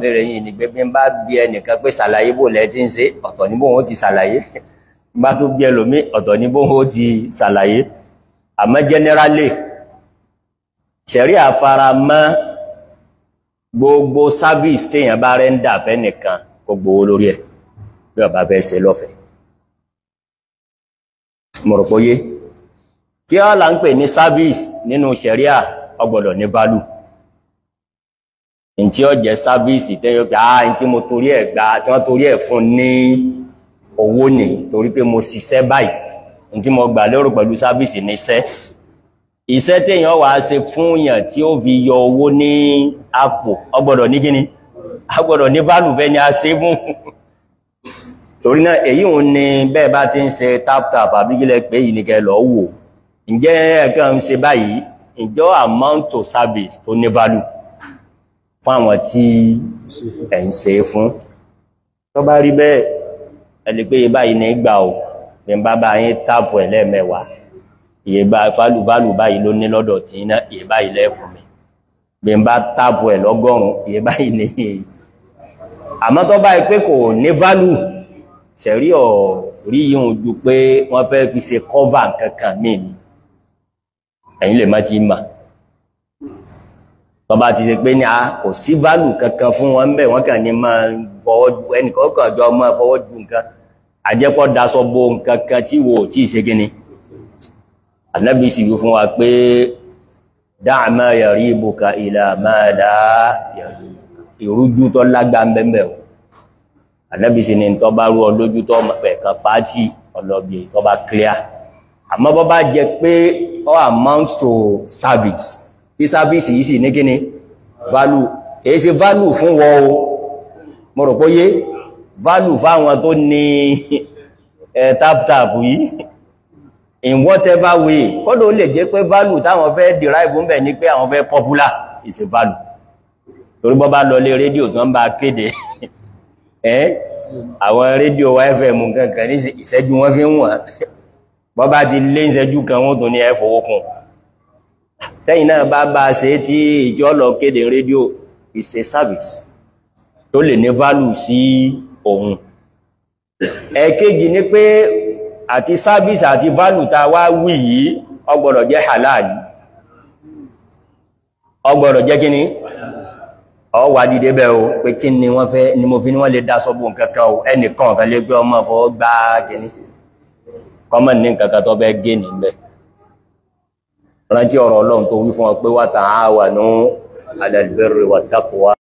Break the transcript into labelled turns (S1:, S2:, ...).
S1: béèrè yìí ni pé bí n bá bí ẹnìkan pé ṣàlàyé bò lẹ́ ti ń ṣe ọ̀tọ̀ ní bóun ó ti ṣàlàyé n bá tó bí ẹlòmíì ọ̀tọ̀ ní bóun ó ti ṣàlàyé àmọ́ jẹ́nẹ́rálì ṣẹ̀rí àfaramọ́ gbogbo sábìs téèyàn bá rẹ́ńdà fẹ́nìkan kó gbowó lórí ẹ̀ bí ọba fẹ́ ṣe lọ́fẹ̀ẹ́ mọ̀rọ̀pọ̀yé kí ọ́ là ń pè ní sábìs nínú ṣẹ̀ríà ó gbọ́dọ̀ ní value ntí ọjẹ sáfíìsì tẹyọ pé ah ntí mo torí ẹ gba tí wọn torí ẹ fún ní owó ni torí pé mo ṣiṣẹ́ báyìí ntí mo gbà lérò pẹ̀lú sáfíìsì ní iṣẹ́ iṣẹ́ téèyàn wàá ṣe fún yàn tí ó fi yọ owó ní àpò ọgbọ́dọ̀ ní gíní agbọ́dọ̀ ní báàlù bẹ ni a ṣe fún torí náà èyí òun ni bẹ́ẹ̀ bá ti ń ṣe tap tap àbígílẹ pé yìí ni kẹ lọ wò ǹjẹ́ ẹ̀kan ń ṣe báyìí ǹjọ́ amount to service tó ní value fáwọn tí ẹ̀ ń ṣe fún tó bá rí bẹ́ẹ̀ ẹ̀lẹ́ pé báyìí ní gbà ò ní bá bá yín táàpù ẹ̀ lẹ́ẹ̀mẹ́wàá iye bá fálùbálù báyìí ló ní lọ́dọ̀ tí iná iye báyìí lẹ́ẹ̀fún mi bí n bá táàpù ẹ̀ lọ́gọ́rùn iye báyìí ní èyí àmọ́ tó báyìí pé kò ní válù ṣẹ̀rí ọ̀ rí yíhun ju pé wọ́n fẹ́ fi ṣe kọ́và kankan míì ni ẹ̀yin lè má ti mà tọba ti ṣe pé ní a ah, kò sí válù kankan fún wọn bẹ́ẹ̀ wọ́n kàn ní máa bọ́wọ́ ju ẹnìkan kàn jọ máa bọ́wọ́ ju nǹkan àjẹpọ̀ daṣọ bo nǹkan kan tí wo tí ì ṣe gíní ànábì sì wí fún wa pé dáàmà yàrí ibùkà ìlà máa dá yàrí ìrújú lágbà ń o ànábì sì ní tọ́ bá rú ọ lójú tó pàtì ọlọ́bì tó bá clear àmọ́ bọ́ bá jẹ pé all amounts to service tí sábìsì yìí sì ní kíni value èyí ṣe value fún wọ o mo rò póyé value fáwọn tó ní tap yìí in whatever way kọ́dọ̀ ó lè jẹ́ pé value táwọn fẹ́ derive ń bẹ̀ ni pé àwọn fẹ́ popular is a value torí bọ́ bá lọlé rédíò tó ń bá kéde ẹ́ àwọn rédíò fm kankan ní ìṣẹ́jú wọn fi ń wọ̀n bọ́ bá ti lé ìṣẹ́jú kan wọ́n tó ní ẹ fowó tẹ́yìn náà bá bá ṣe tí ìjọ lọ kéde rédíò is tó lè ní value sí òun ẹ̀kejì ni pé àti service àti value ta wá wí yìí jẹ́ halal ó jẹ́ kíní dìde bẹ́ o pé kí ni wọ́n fẹ́ ni mo o kan rántí ọ̀rọ̀ ọlọ́run tó wí fún ọ pé wàtà áwà nù alal birri wattaqwa